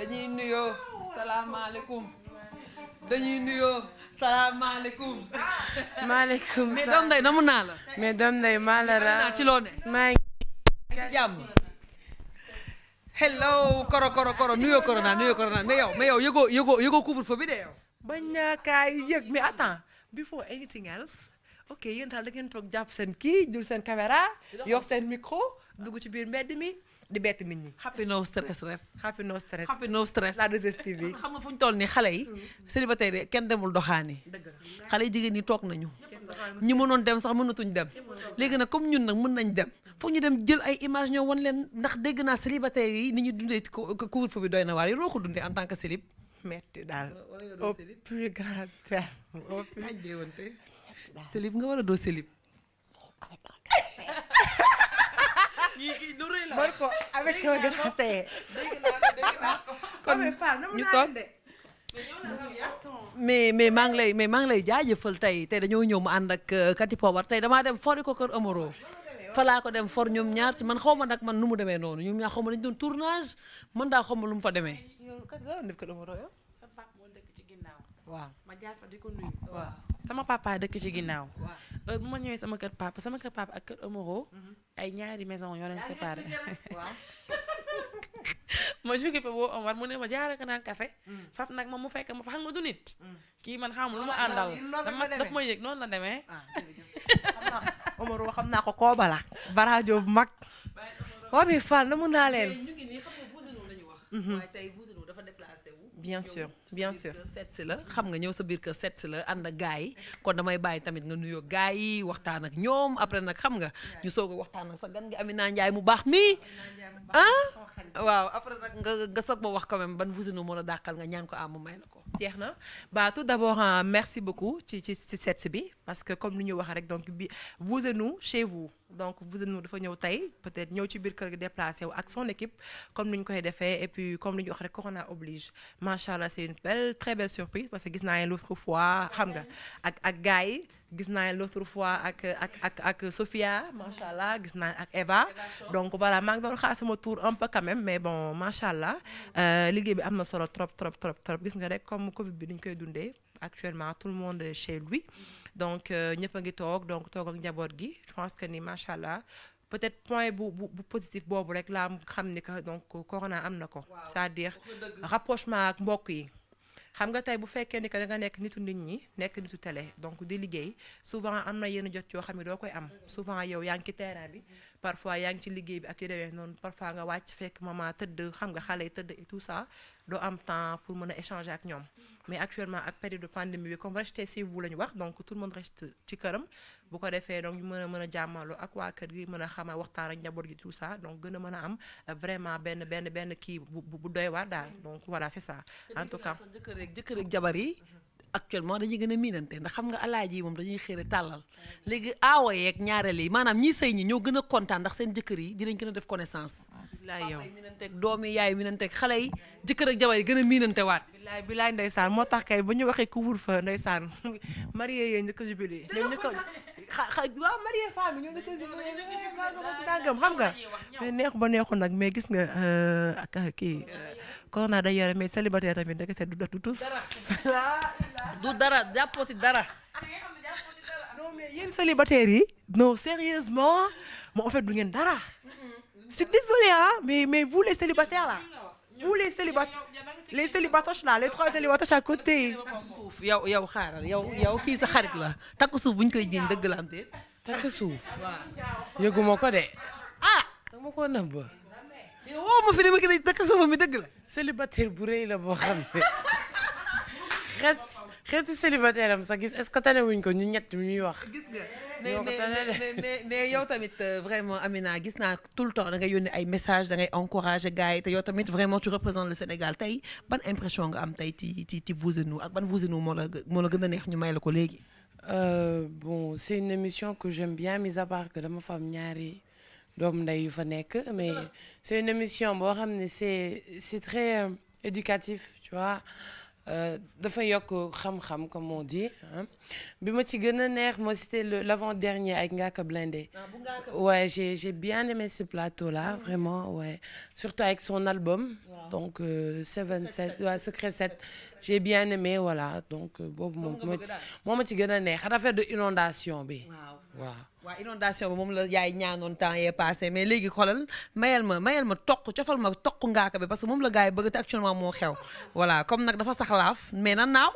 dañuy nuyoo salaamaaleykum dañuy nuyoo salaamaaleykum. maaleykum salaam mais doom ndey namu naa la. mais doom ndey maa la ra ci loo ne. maa ngi jàmm. hello koro koro koro nuyoo corona nuyoo corona mais yow mais yow yëgoo yëgoo yëgoo couvre-feu bi de yow. bañ a kaay yëg mais attends before anything else ok yéen daal da ngeen toog jàpp seen kii jël seen caméra yor seen micro dugg ci biir mbedd mi. di bett nit ñi. happy no stress ren. happy no stress happy no stress. la 2STV bi xam nga fu ñu toll nii xale yi. célibataire kenn demul doxaani. xale yi jigéen ñi toog nañu. ñi mënoon dem sax mënatuñ dem. léegi nag comme ñun nag mën nañ dem foog ñu dem jël ay image ñoo wan leen ndax dégg naa célibataire yi ni ñu dundee ko couvre-feu doy na waar yi loo ko dundee en tant que célib. metti daal au plus grand terme. au plus. célib nga war a doo célib. kii durée la mën ko avec un grand mais mais maa ngi lay mais maa ngi lay jaajëfal tey tey dañoo ñëw mu ànd ak Kati Pobar tey damaa dem fori ko kër Amaro. falaa ko dem for ñoom ñaar ci man xaw ma nag man nu mu demee noonu ñoom ñaar xaw ma dañu doon tournage man daa xaw ma lu mu fa demee. yow ci ginnaaw. sama papa dëkk ci mm-hmm. ginnaaw. waaw bu ma ñëwee sama kër papa sama kër papa ak kër Omoro. Mm-hmm. ay ñaari maison yoo leen séparé. ma jóge fa boo Omar mu ne ma jaara ka naan café mm. faf nag moom mu fekk ma fa xam nga du nit. Mm. kii man xamul lu ma àndal. dama ma yëg noonu la demee. Ah, Omoro xam naa ko Koobala. baraajo bu mag. waa bi Fall na mun naa leen. bien sûr bien sûr seet si la xam nga ñëw sa biir kër seet si la ànd ak gars yi kon damay bàyyi tamit nga nuyoo gars yi waxtaan ak ñoom après nag xam nga ñu soog a waxtaan ak sa gan gi Amina ah? ma wax quand même ban voisine moo la dàqal nga ñaan ko ah mu may la ko. jeex na ba tout d'abord merci beaucoup ci ci bi parce que comme ni ñu wax rek donc bi chez vous. donc vous êtes dafa ñëw tey peut-être ñëw ci biir kër gi déplacé wu ak son équipe comme ni ñu koy defee et puis comme li ñu wax rek corona oblige macha allah c'est une belle très belle surprise que gis naa leen l'autre fois xam nga ak ak gars yi gis naa leen l'autre fois ak ak ak ak Sophia macha allah gis naa ak Eva donc voilà maa ngi doon sama tour un peu mais bon macha allah euh, liggéey bi am na solo trop trop trop trop gis nga rek comme Covid bi ni ñu koy dundee actuellement tout le monde chez lui. donc euh, ñëpp a ngi toog donc toog ak njaboot gi je pense que ni macha allah peut-être point bu bu bu positif boobu rek laa xam ni que donc corona am na ko. c'est-à-dire rapprochement ak mbokk yi. xam nga tey bu fekkee ni que da nekk nitu nit ñi nekk nitu télé donc di liggéey souvent am na yenn jot yoo xam ne doo koy am mm-hmm. souvent yow yaa ngi ci terrain bi. parfois yaa ngi ci liggéey bi ak yu demee noonu parfois nga wàcc fekk maman tëdd xam nga xale yi tëdd et tout ça doo am temps pour mën a échanger ak ñoom mais actuellement ak période de pandémie bi comme restez chez vous la ñu wax donc tout le monde reste ci këram bu ko defee donc ñu mën a mën a jàmmaloo ak waa kër gi mën a xama waxtaan ak njaboot gi tout ça donc gën a mën a am vraiment benn benn benn kii bu bu doy waar daal donc voilà c'est ça en tout cas jëkkër ak jabar yi actuellement dañuy gën a miinante ndax xam nga alaaji yi moom dañuy xëre tàllal léegi aawo yeek ñaareel yi maanaam ñii sëy ñi ñoo gën a kontaan ndax seen jëkkër yi dinañ gën a def connaissance bilaay yow miinanteeg doomi yaay miinanteeg xale yi jëkkër ak jabar yi gën a miinante waat bilaay bilaay ndeysaan moo tax kay ba ñu waxee ku wur fa ndeysaan marie yee njëkk jubilé ñoom njëkk waaw marié femme ñoo njëkk jubilé nangam xam nga neex ba neexul nag mais gis nga euh, ak euh, kii euh, corona day yore mais célibataire tamit ndekete du tus du dara jàppooti dara. non mais yéen célibataires yi non sérieusement mais en fait du dara. je suis désolée ah mais mais vous les célibataires là. vous les célibataires les célibatoches là trois célibatoches à côté. suuf yow yow kii sa xarit la takk suuf bu ñu koy jiiñ dëgg la am de. takk suuf. waaw yëguma de. ah dama ko nëbb. yow woo ma fi takk suuf mi dëgg la. célibataire bu rëy la boo xam xeetu xeetu célibataire am sax gis est-ce que tane wuñ ko ñu ñett ñuy wax. gis mais mais mais yow tamit euh, vraiment Amina gis naa tout le temps da ngay yónni ay message da ngay encourager gars yi te yow tamit vraiment tu représentes le Sénégal tey ban impression ga am tey ci ci ci vous et nous ak ban vous et nous moo la moo la gën a neex ñu may la ko léegi. Euh, bon c'est une émission que j'aime bien mis à part que dama fam ñaari doomu ndey yu fa nekk mais c'est une émission boo xam ne c'est c'est très euh, éducatif Euh, dafa yokk xam-xam comme on dit bi ma ci gën a neex moo c'était l'avant-dernier ak Ngaaka Blindé waaye ah, j'ai bien aimé ce plateau là ah vraiment ouais surtout avec son album donc euh, Seven Sept waaw Secret Sept j'ai bien aimé donc euh, boobu moom moo ma ci gën a neex affaire de inondation bi waa inondation bi moom la yaay ñaanoon temps yee passé mais léegi xoolal mayal ma mayal ma toq cofal ma toq ngaaka bi parce que moom la gars yi bëgg te actuellement moo xew voilà comme nag dafa saxlaaf mais na naaw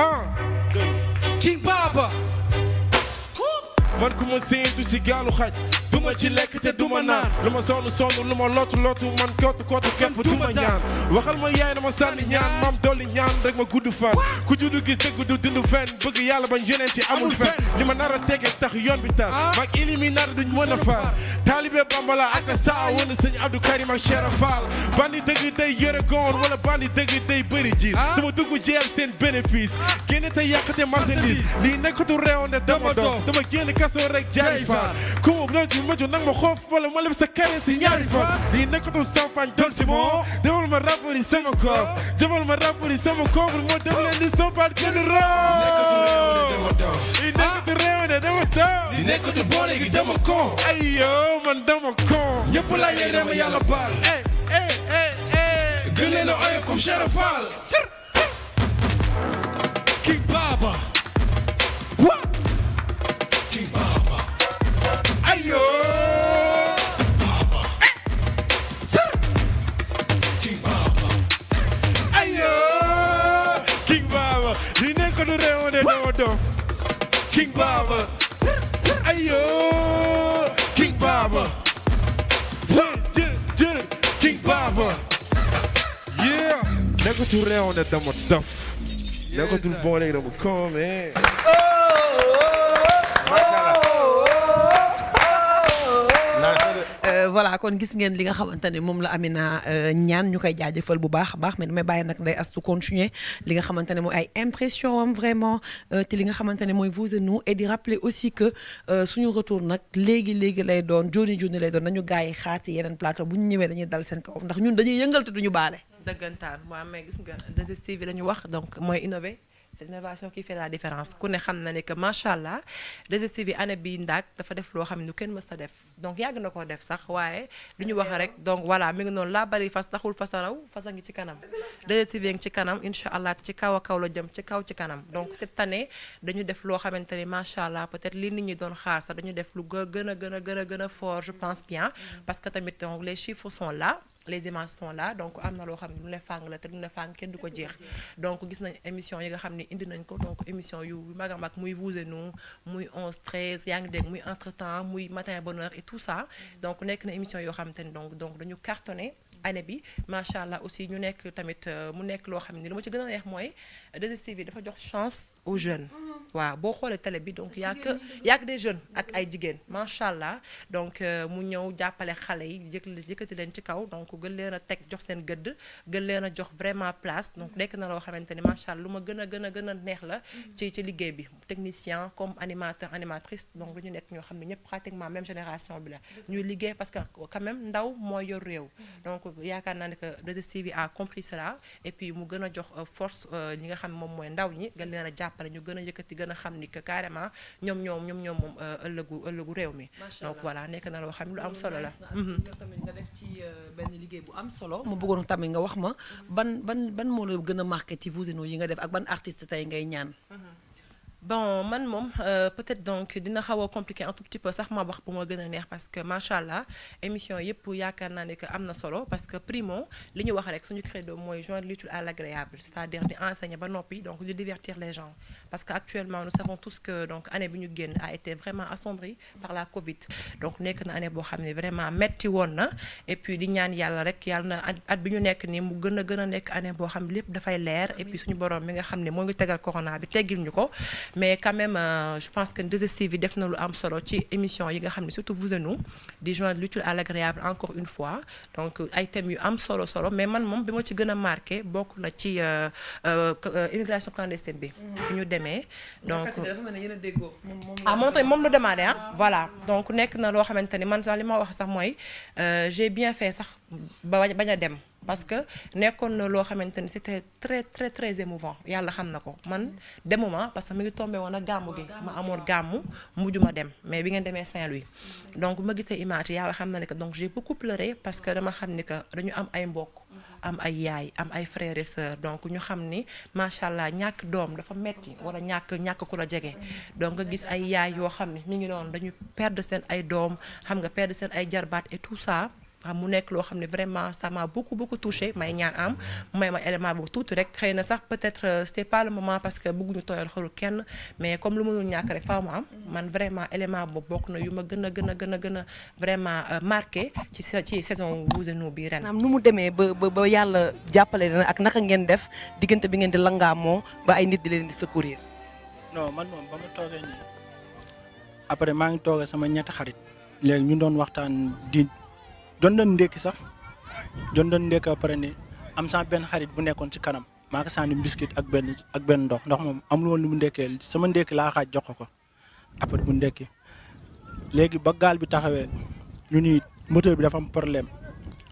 ah! man ku ma séentu si gaalu xaj duma ci lekk te duma naan lu ma sonn sonn lu ma lottu lottu man kottu kottu képp duma ñaan waxal ma yaay na ma sànni ñaan mam dolli ñaan rek ma gudd fan ku juddu gis dëgg du dund fen bëgg yàlla bañ yeneen ci amul fen li ma nar a tege tax yoon bi tar ah. mag ilimi nar duñ mën a faar taalibe bambala ak a saa wala sëñ Abdou ak Cheikh Fall bandi dëgg day yore goon wala bandi dëgg day bëri jiir ah. sama dugg jeel seen bénéfice weesoo rek jaari fa ku doon ci maju nag ma xoof wala ma lef sa kare si ñaari fa di nekkatu sampaañ doon si moo defal ma rapport yi sama koor jëfal ma rapport yi sama koor moo def leen di sampaat kenn roo di nekkatu boole gi dama ko. ayo man dama ko. ñëpp laa yey dama yàlla baal. eh eh eh eh. gën leen a oyof comme Cheikh Fall. King Baba. du réew de dama dof King Baba ayo King Baba jë jë King Baba yeah nekkatul réew de dama dof nekkatul boole dama Euh, voilà kon gis ngeen li nga xamante ne moom la Amina euh, ñaan ñu koy jaajëfal bu baax a baax mais damay bàyyi nag day as su continuer li nga xamante ne mooy ay impression vraiment euh, te li nga xamante ne mooy vous et di rappeler aussi que suñu retour nag léegi léegi lay doon joni joni lay doon nañu gars yi xaati yeneen plateau bu ñu ñëwee dañuy dal seen kaw ndax ñun dañuy yëngal te duñu baale. dëggantaan waaw mais gis nga 2STV la ñu wax donc mooy innové. c'est l'innovation qui fait la différence ku ne xam na ne que macha allah 2STV bi année bi dafa def loo xam ne kenn mës ta def donc yàgg na koo def sax waaye lu ñu wax rek donc voilà mi ngi noonu laa bari fas taxul fas a raw fas a ngi ci kanam 2 ngi ci kanam incha allah ci kaw a kaw la jëm ci kaw ci kanam donc cette année dañu def loo xamante ne macha allah peut-être li nit ñi doon xaar sax dañu def lu gën a gën a gën a gën a fort je pense bien parce que tamit donc les chiffres sont là les démarches sont là donc am na loo xam ne lu ne fàng la te lu ne fàng kenn du ko jeex donc gis nañ émission yi nga xam ne indi nañ ko donc émission yu mag a mag muy vous muy 11 13 yaa ngi dégg muy entre temps muy matin bonheur et tout ça mm-hmm. donc nekk na émission yoo xam te ne donc dañu cartonné année bi macha allah aussi ñu nekk tamit euh, mu nekk loo xam ne lu ci gën a mooy 2 euh, bi dafa jox chance aux jeunes. Mm-hmm. waaw boo xoolee télé bi donc y a des jeunes ak ay jigéen macha allah donc euh, mu ñëw jàppale xale yi yëkkati leen ci kaw donc gën leen a teg jox seen gëdd gën leen a jox vraiment place donc nekk na loo xamante ni macha allah ma gën a gën a gën a neex la. Mm-hmm. ci ci liggéey bi technicien comme animateur animatrice donc ñu nekk ñoo xam ne ñëpp pratiquement même génération bi la ñuy parce que quand même ndaw mooy yor réew mm-hmm. donc yaakaar naa ne que 2STV a compris cela et puis mu gën a jox euh, force euh, ñi nga xam moom mooy ndaw ñi gën leen a jàppale ñu gën a yëkkati gën a xam ni que carrément ñoom ñoom ñoom ñoom moom euh, ëllëgu ëllëgu réew mi donc voilà nekk na loo xam ne lu am solo la mhm. tamit nga def ci benn liggéey bu am solo mu bëggoon tamit nga wax ma mhm. ban ban ban moo la gën a marqué ci Voseno yi nga def ak ban artist tey ngay ñaan mhm. bon man moom euh, peut-être donc dina xaw a compliqué un tout petit sax ma wax bu ma gën a neex parce que macha allah émission yëpp yaakaar naa ne que am na solo parce que primo li ñu wax rek suñu credo mooy joindre l'utile à l'agréable c'est-à-dire di enseigner ba noppi donc di divertir les gens parce que actuellement nous savons tous que donc année bi ñu génn a été vraiment assombrie par la Covid donc nekk na année boo xam ne vraiment metti woon na et puis di ñaan yàlla rek yàlla na at bi ñu nekk nii mu gën gën nekk année boo xam lépp dafay leer et puis borom mi nga xam ne moo ngi tegal corona bi teggil ñu ko mais quand même euh, je pense que 2STV def na lu am solo ci émission yi nga xam ne surtout vous et nous di joindre l'utile à encore une fois donc euh, ay thèmes yu am solo solo mais man moom bi ma ci gën a marqué bokk na ci euh, immigration clandestine bi. Mhm. bi ñu demee donc. ah moom tamit moom la demandé ah. voilà donc nekk na loo xamante ni man sax li ma wax sax mooy je bien fait sax ba bañ a dem. parce que nekkoon na loo xamante ni c'était très très très émouvant yàlla xam na ko man demuma parce que mi ngi tombé woon ak gàmmu gi ma amoon gàmmu mujj ma dem mais bi ngeen demee Saint-Louis donc ma gisee image xam na ne que donc j'ai beaucoup pleuré parce que dama xam ni que dañu am ay mbokk am ay yaay am ay frères donc ñu xam ni macha allah ñàkk doom dafa metti wala ñàkk ñàkk ku la jege donc gis ay yaay yoo xam ne mi ngi noonu dañu perdre seen ay doom xam nga perd seen ay jarbaat et tout saa waaw mu nekk loo xam ne vraiment sama m'a beaucoup beaucoup touché may ñaan am may ma élément boobu tuuti rek xëy na sax peut-être euh, c'était pas moment parce que bëgguñu tooyal xolu kenn mais comme lu mënul ñàkk rek faaw ma am man vraiment élément boobu bokk na yu ma gën a gën a gën a gën a vraiment euh, marqué ci ci saison Vous et Nous bi nu mu demee ba ba ba yàlla jàppale leen ak naka ngeen def diggante bi ngeen di langaamoo ba ay nit di leen di secourir. non man moom ba ma toogee nii après maa ngi toogee sama ñetti xarit léegi ñu doon waxtaan di. doon nañ ndékki sax doon nañ ndékki ba pare ni am sama benn xarit bu nekkoon ci kanam maa ko sànni biscuit ak benn ak benn ndox ndax moom amul woon lu mu ndekkee sama ndékki laa xaaj jox ko après bu ndekki léegi ba gaal bi taxawee ñu ni moteur bi dafa am problème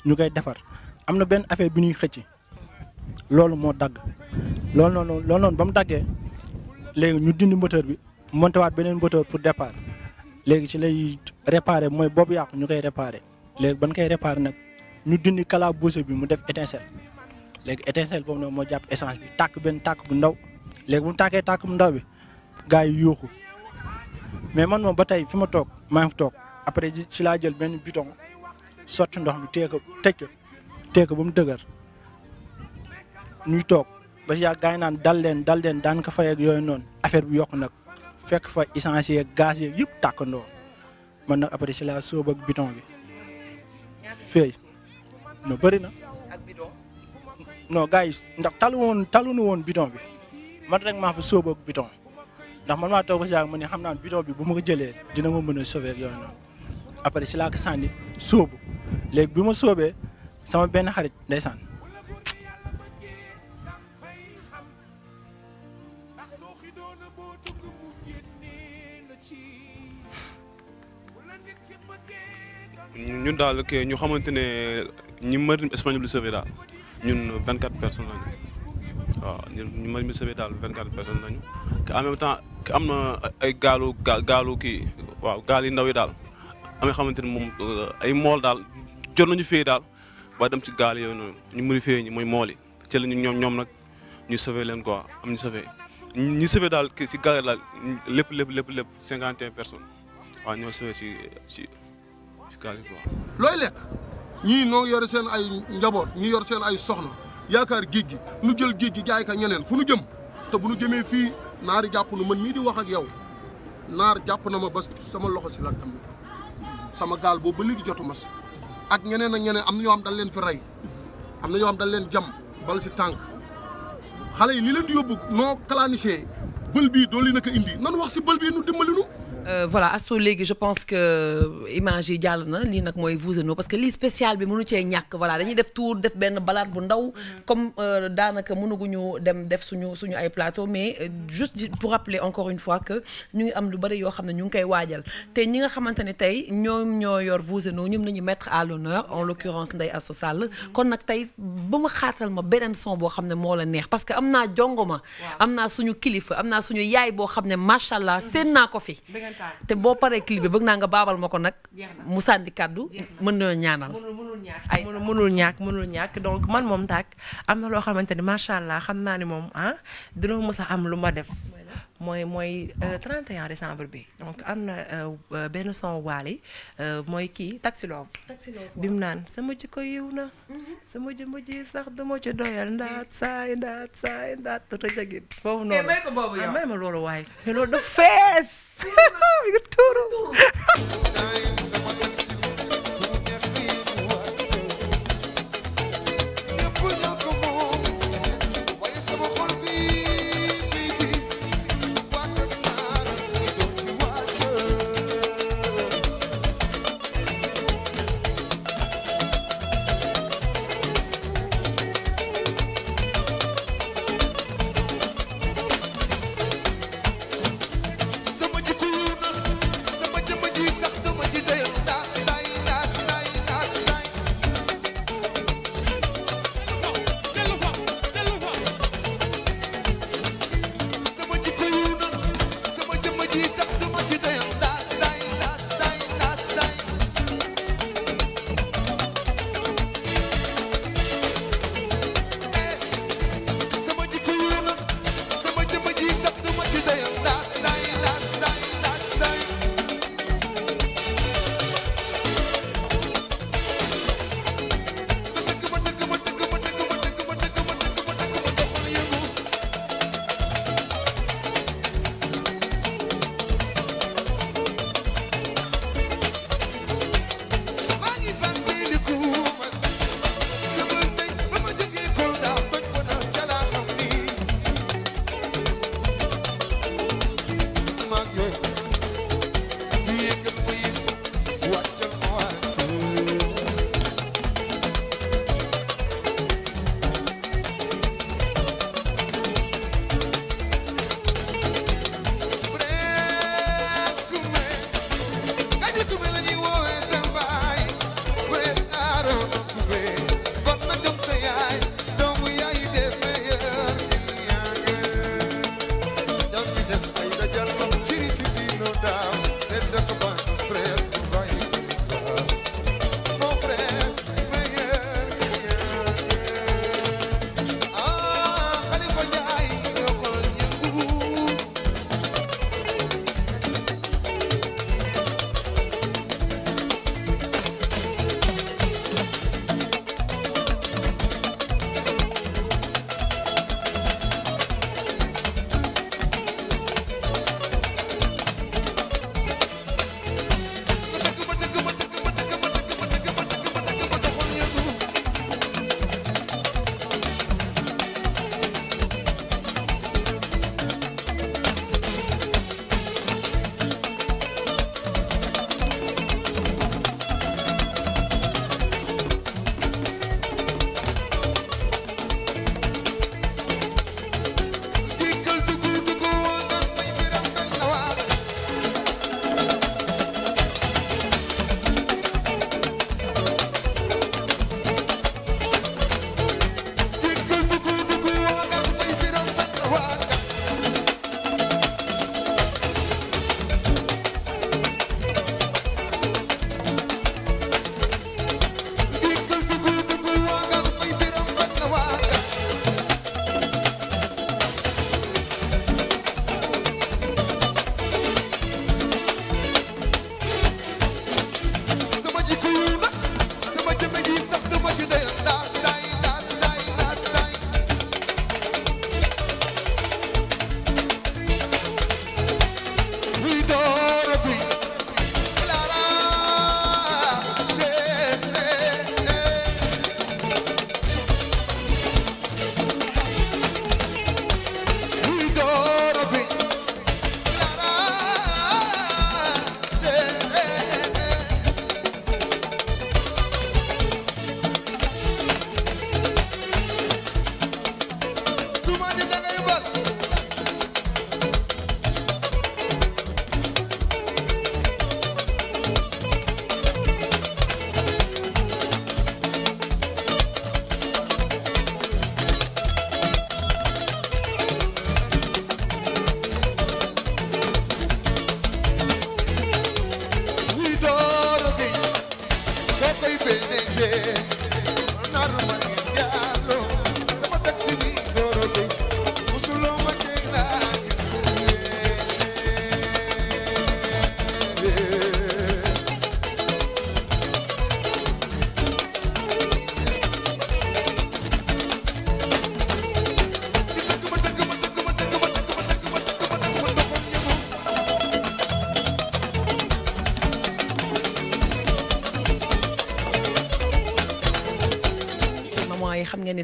ñu koy defar am na benn affaire bi ñuy xëcc loolu moo dagg loolu noonu loolu noonu ba mu daggee léegi ñu dindi moteur bi monté waat beneen moteur pour départ léegi ci lay réparé mooy boobu yàqu ñu koy réparé. léegi ban koy réparé nag ñu dindi calabouche bi mu def étincelle léegi étincelle boobu nag moo jàpp essence bi tàkk benn tàkk bu ndaw léegi bu mu tàkkee tàkk bu ndaw bi gars yi yuuxu mais man moom ba tey fu ma toog maa ngi toog après ci laa jël benn bidon sotti ndox mi téye ko tëj ko téye ba mu dëgër ñuy toog ba si yàgg gars dal leen dal leen daan fay ak yooyu noonu affaire bi yokku nag fekk fa essence yeeg gaz yëpp tàkkandoo man nag après ci laa sóob ak bi. feey no bëri na non ndax talu woon talu nu woon bidon bi man rek maa fa sóoboog bidon ndax man maa toog ba si yàgg xam naa bidon bi bu ma ko jëlee dina mën a sauver yooyu noonu sànni sóobu léegi bi ma soobee sama benn xarit ndeysaan ñun daal que ñu xamante ne ñi marine espagnol sauvé daal ñun 24 personnes lañu waaw ñun ñu marine sauvé daal 24 personnes lañu que en même temps am na ay gaalu gaalu kii waaw gaal yi ndaw yi daal amee xamante ne moom euh, ay mool daal jot nañu fee daal ba dem ci gaal yooyu ñu mëri fee ñi mooy mool yi ci ñu ñoom ñoom nag ñu sauvé leen quoi am ñu sauvé ñu sauvé daal si gaal daal lépp lépp lépp lépp 51 personnes. waaw ah, ni ma sëwee ci ci ci kaas looy lekk ñii noo yore seen ay njaboot ñu yor seen ay soxna yaakaar géej gi nu jël géej gi jaay ka ñeneen fu nu jëm te bu nu jëmee fii naari jàpp nu man mii di wax ak yow naar jàpp na ma ba sama loxo si la tamit sama gaal boobu ba léegi jotuma si ak ñeneen ak ñeneen am na yoo xam dañ leen fi rey am na ñoo xam dañ leen jam bal si tànk xale yi li leen di yóbbu noo kalaanise bël bii doo li naka indi nan wax si bël bii nu dimbali nu Euh, voilà astu léegi je pense que euh, image yi jàll na lii nag mooy vous parce que lii spécial bi munu cee ñàkk voilà dañuy def tour def benn balade bu ndaw mhm. comme euh, daanaka mënuguñu dem def suñu suñu ay plateau mais juste pour rappeler encore une fois que ñu ngi am lu bari yoo xam ne ñu ngi koy waajal mhm. te ñi nga xamante ne tey ñoom ñoo yor vous et nous ñoom nañu mettre à l'honneur en l'occurrence Ndeye Astou mhm. kon nag tey ba ma xaatal ma beneen son boo xam ne moo la neex parce que am naa jongoma am naa suñu kilifa am naa suñu yaay boo xam ne macha allah seen naa ko fi te boo paree clip bi bëgg naa nga baabal ma ko nag mu sànni kàddu mën na ñaanal ay mënul ñàkk mënul ñàkk donc man moom tàkk am na loo xamante ni macha allah xam naa ne moom ah dina mus a am lu ma def mooy mooy 31 euh, décembre bi donc am na euh, euh, benn son Wally mooy kii Taxi Love bi mu naan sama jikko yiw na sama jëmm ji sax dama ci doyal ndaat saay ndaat saay ndaat rëjagin boobu noonu may ah, may ma loolu waaye mais loolu dafa fees mi tuuru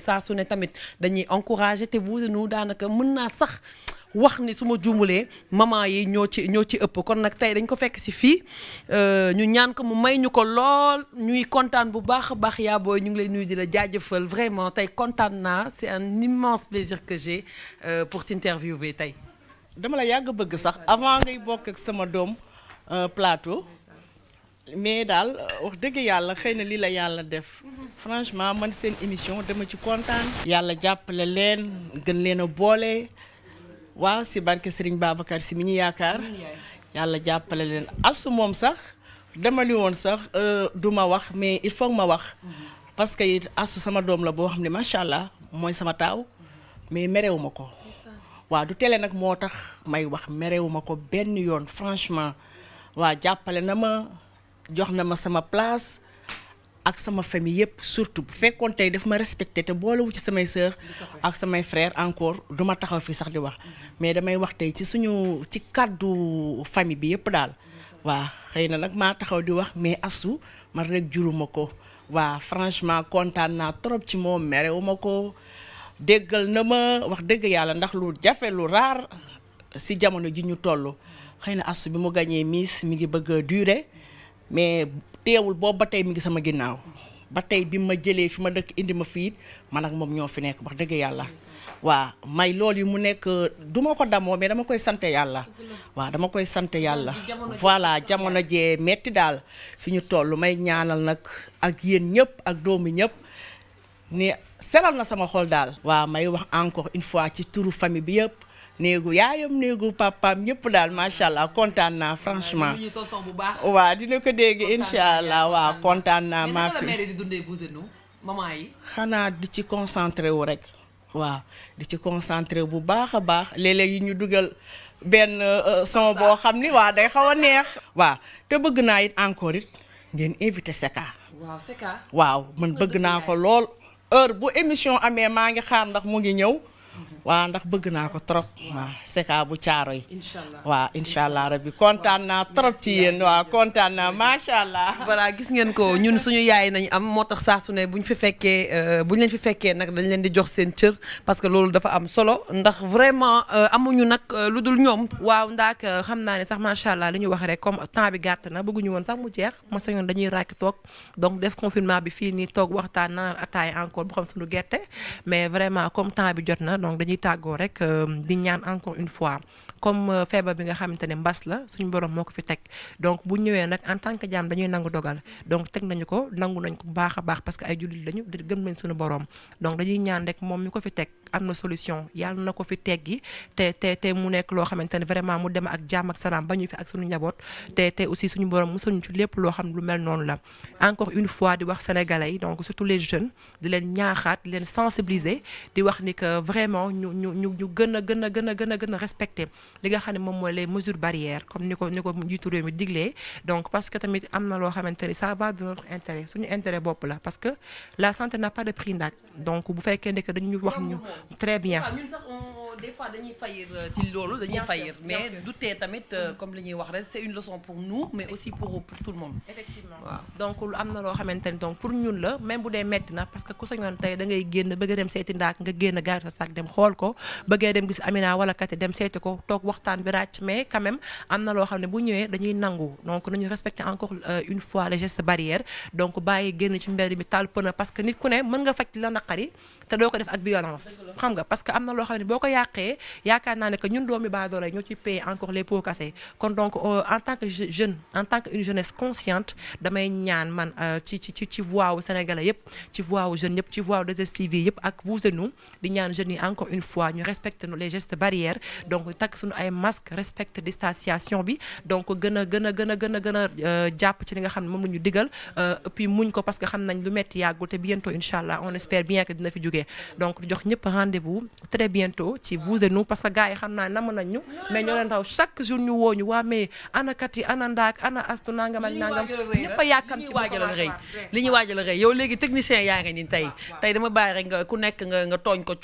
saa su ne tamit dañuy encouragé te vous nu daanaka mën naa sax wax ni suma ma juumulee maman yi ñoo ci ñoo ci ëpp kon nag tey dañ ko fekk si fii euh, ñu ñaan ko mu may ñu ko lool ñuy kontaan bu baax a baax yaa booy ñu ngi lay nuyu di la jaajëfal vraiment tey kontaan naa c'est un immense plaisir que j'ai euh, pour t'interviewer tey. dama la yàgg bëgg sax avant ngay bokk ak sama doom euh, plateau. mais daal wax dëgg yàlla xëy na lii la yàlla def franchement man seen émission dama ci kontaan. yàlla jàppale leen gën leen a boole waaw si barke Serigne Babacar si mi ñu yaakaar yàlla jàppale leen asu moom sax dama li woon sax euh, du ma wax mais il foog ma wax parce que it asu sama doom la boo xam ne macha allah mooy sama taaw mais merewu ma ko. waaw du tele nag moo tax may wax merewu ma ko benn yoon franchement waa jàppale na ma. jox na ma sama place ak sama famille yëpp surtout bu fekkoon tey daf ma respecté te boolewu ci samay sœur ak samay frère encore du ma taxaw fii sax di wax mais damay wax tey ci suñu ci kàddu famille bi yëpp daal waa xëy na nag maa taxaw di wax mais asu man rek juruma ko waa franchement kontaan naa trop ci moom merewu ma ko déggal na ma wax dëgg yàlla ndax lu jafe lu raar si jamono ji ñu toll xëy na astu bi mu gañee miis mi ngi bëgg dure mais teewul boobu ba tey mi ngi sama ginnaaw ba tey bi ma jëlee fi ma dëkk indi ma fii man ak moom ñoo fi nekk wax dëgg yàlla waa may lool yi mu nekk duma ko damoo mais dama koy sant yàlla waa dama koy sant yàlla voilà jamono jee metti daal fi ñu toll may ñaanal nag ak yéen ñëpp ak doomi ñëpp ni selal na sama xol daal waa may wax encore une fois ci turu famille bi yëpp néegu yaayam néegu papaam ñëpp daal macha allah kontaan naa franchement. waa dina ko dégg incha allah waa kontaan naa maa fi maman yi. xanaa di ci concentré wu rek. waaw di ci concentré bu baax a baax léeg-léeg yi ñu dugal benn euh, son boo xam ni waa day xaw a neex. waa te bëgg naa it encore it ngeen invité Seka. waaw Seka. waaw man bëgg naa ko lool heure bu émission amee maa ngi xaar ndax mu ngi ñëw. waaw ndax bëgg naa ko trop waaw Secka bu caaro yi waaw incha allah rabbi kontaan naa trop ci yéen waa kontaan naa macha allah voilà gis ngeen ko ñun suñu yaay nañ am moo tax saa su ne bu ñu fi fekkee euh, bu ñu fi fekkee nag dañu leen di jox seen cër parce que loolu dafa am solo ndax vraiment euh, amuñu nag euh, lu dul ñoom waaw ndaak xam naa ne sax macha allah lu ñu wax rek comme temps bi gàtt na bëgguñu woon sax mu jeex ma sañoon dañuy ràkk toog donc def confinement bi fii nii toog waxtaan na ataay encore bu xam suñu gerte mais vraiment comme temps bi jot na donc dañuy tàggoo rek euh, di ñaan encore une fois comme euh, feebar bi nga xamante ne mbas la suñ borom moo ko fi teg donc bu ñëwee nag en tant que jaam dañuy nangu dogal donc teg nañu ko nangu nañ ko bu baax a parce que ay jullit lañu gëm nañ suñu borom donc dañuy ñaan rek moom ñu ko fi teg am na solution yàlla na ko fi teggi te te te mu nekk loo xamante ne vraiment mu dem ak jàmm ak salaam ba ñu fi ak suñu njaboot te te aussi suñu borom musuñu ci lépp loo xam ne lu mel noonu la encore une fois di wax sénégalais yi donc surtout les jeunes di leen ñaaxaat di leen sensibiliser di wax ni que vraiment ñu ñu ñu ñu gën a gën a gën a gën a gën a respecter li nga xam ne moom mooy les mesures barrières comme ni ko ni ko njiitu réew mi diglee donc parce que tamit am na loo xamante ni ça va de notre suñu intérêt bopp la parce que la santé n'a pas de donc bu fekkee ne que ñu Très bien. Ah, des fois dañuy faillir euh, ci loolu dañuy faillir mais du tee tamit euh, comme li wax rek c'est une leçon pour nous mais aussi pour tout le monde donc lu am na loo xamante ni donc pour ñun la même bu dee metti na parce que ku sañoon tey da ngay génn bëgg a dem seeti ndaak nga génn gaar sa sac dem xool ko bëggee dem gis Amina wala kati dem seeti ko toog waxtaan bi ràcc mais quand am na loo xam ne bu ñëwee dañuy nangu donc nañu respecter encore euh, une fois les gestes barrières donc bàyyi génn ci mbedd mi taal pëna que nit ku ne mën nga faj la yàqee yaakaar naa ne que ñun doomi baadoole ñoo ci paye encore les pots kon donc euh, en tant que jeune en tant que une jeunesse consciente damay ñaan man euh, ci ci ci voix wu sénégalais yëpp ci voix jeune jeunes yëpp ci voix wu 2STV yëpp ak vous et nous di ñaan jeunes yi encore une fois ñu respecte les gestes barrières donc takk suñu ay masques respecte distanciation bi donc gën a gën a gën a gën gën a euh, jàpp ci li nga xam ne moom la ñu digal et muñ ko parce que xam nañ lu metti yàggul te bientôt incha allah on espère bien que dina fi jógee donc jox vous et parce que gars yi xam naa nam nañ ñu mais ñoo leen raw chaque jour ñu woo ñu waa mais ana Kati ana Ndaak ana Astu nangam ak nangam ñëpp a yàkkam ci waajal rëy li ñuy waajal rëy yow léegi technicien yaa nga nii tey tey dama bàyyi rek nga ku nekk nga nga tooñ ko